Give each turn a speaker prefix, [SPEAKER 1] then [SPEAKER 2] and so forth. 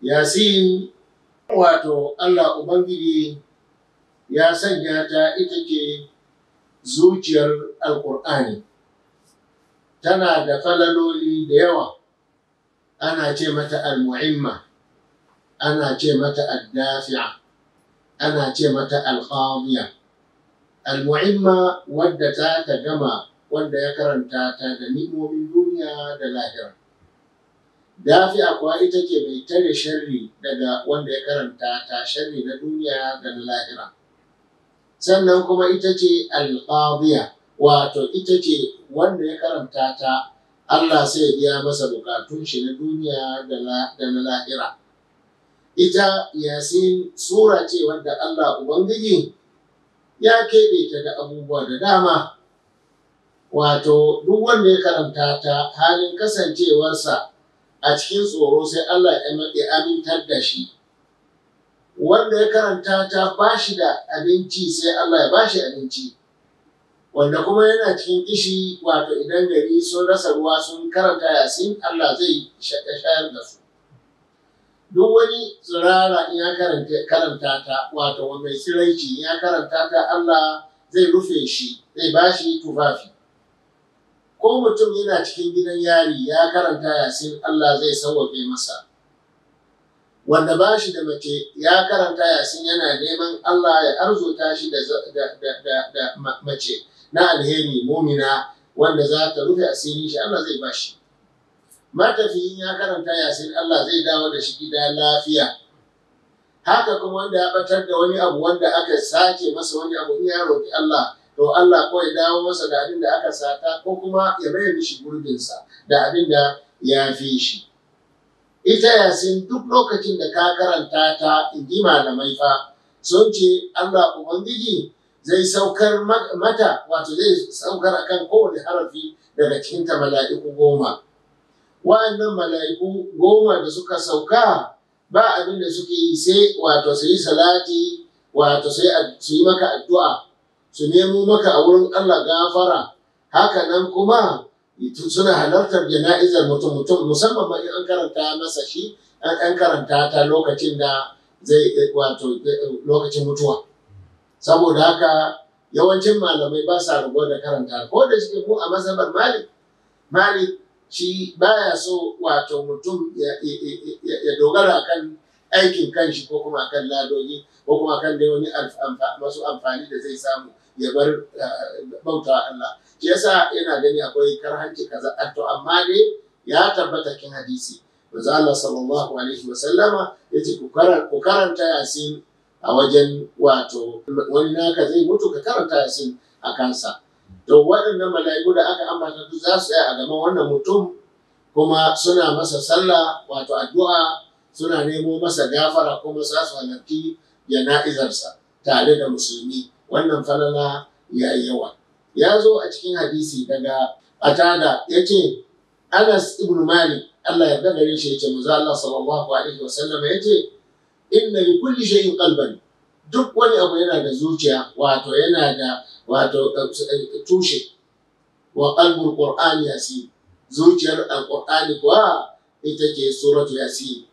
[SPEAKER 1] yasin wato Allah Ubangiji ya sanya ta ita ce zuciyar Alƙur'ani. Tana da falaloli da yawa, ana ce mata al-mu'imma, ana ce mata al-dafi'a, ana ce mata al-qadiya. Al-mu'imma wadda ta gama wanda ya karanta ta da ni'momin duniya da lahira. Dafi'a kuwa ita ce mai tare sharri daga wanda ya karanta ta sharri na duniya da na lahira. Sannan kuma ita ce alƙadiya wato ita ce wanda ya karanta ta Allah sai ya biya masa bukatun shi na duniya da na lahira. Ita yasin sura ce wadda Allah Ubangiji ya keɓe ta da abubuwa da dama. Wato duk wanda ya karanta ta halin kasancewarsa a cikin tsoro sai Allah ya amintar da shi wanda ya karanta ta ba shi da abinci sai Allah ya ba shi abinci wanda kuma yana cikin kishi wato idan gari sun rasa ruwa sun karanta yasin Allah zai shayar da su duk wani tsirara in ya karanta ta wato wanda tsiraici in ya karanta ta Allah zai rufe shi zai ba shi tufafi ko mutum yana cikin gidan yari ya karanta yasin Allah zai sauwaƙe masa wanda ba shi da mace ya karanta yasin yana neman Allah ya arzuta shi da, mace na alheri mumina wanda za ta rufe asirin shi Allah zai ba shi matafiyin ya karanta yasin Allah zai dawo da shi gida lafiya haka kuma wanda ya batar da wani abu wanda aka sace masa wani abu in ya roƙi Allah to Allah ko ya dawo masa da abin da aka sata ko kuma ya bai mishi gurbinsa da abin da ya fi shi. Ita yasin duk lokacin da ka karanta ta ji malamai fa sun ce Allah Ubangiji zai saukar mata wato zai saukar a kan kowane harafi daga cikin ta mala'iku goma. Wa'annan mala'iku goma da suka sauka ba abin da suke yi sai wato su yi salati wato sai su yi maka addu'a su nemo maka a wurin Allah gafara haka nan kuma suna halartar jana'izar mutum mutum musamman ma in an karanta masa shi an karanta ta lokacin da zai wato lokacin mutuwa saboda haka yawancin malamai ba sa rubuwa da karanta ko da shi ko a mazhabar malik malik shi baya so wato mutum ya dogara kan aikin kanshi ko kuma kan ladoji ko kuma kan dai wani masu amfani da zai samu ya bar eh, bauta Allah shi yasa yana gani akwai karhanci kaza to amma dai ya tabbata kin hadisi manzo Allah sallallahu alaihi wa sallama yace ku karanta yasin
[SPEAKER 2] a wajen
[SPEAKER 1] wato wani naka zai mutu ka karanta yasin a kansa to waɗannan mala'iku da aka ambata su za su tsaya a gaban wannan mutum kuma suna masa sallah wato addu'a suna nemo masa gafara kuma za su halarci jana'izarsa tare da musulmi wannan falala ya yawa ya zo a cikin hadisi daga atada ya ce anas ibn malik allah ya daga shi ya ce maza allah sallallahu alaihi wasallama ya ce inna li kulli shay'in qalban duk wani abu yana da zuciya wato yana da wato eh, eh, tushe wa qalbul qur'ani yasin zuciyar alqur'ani kuwa ita ce suratu yasi.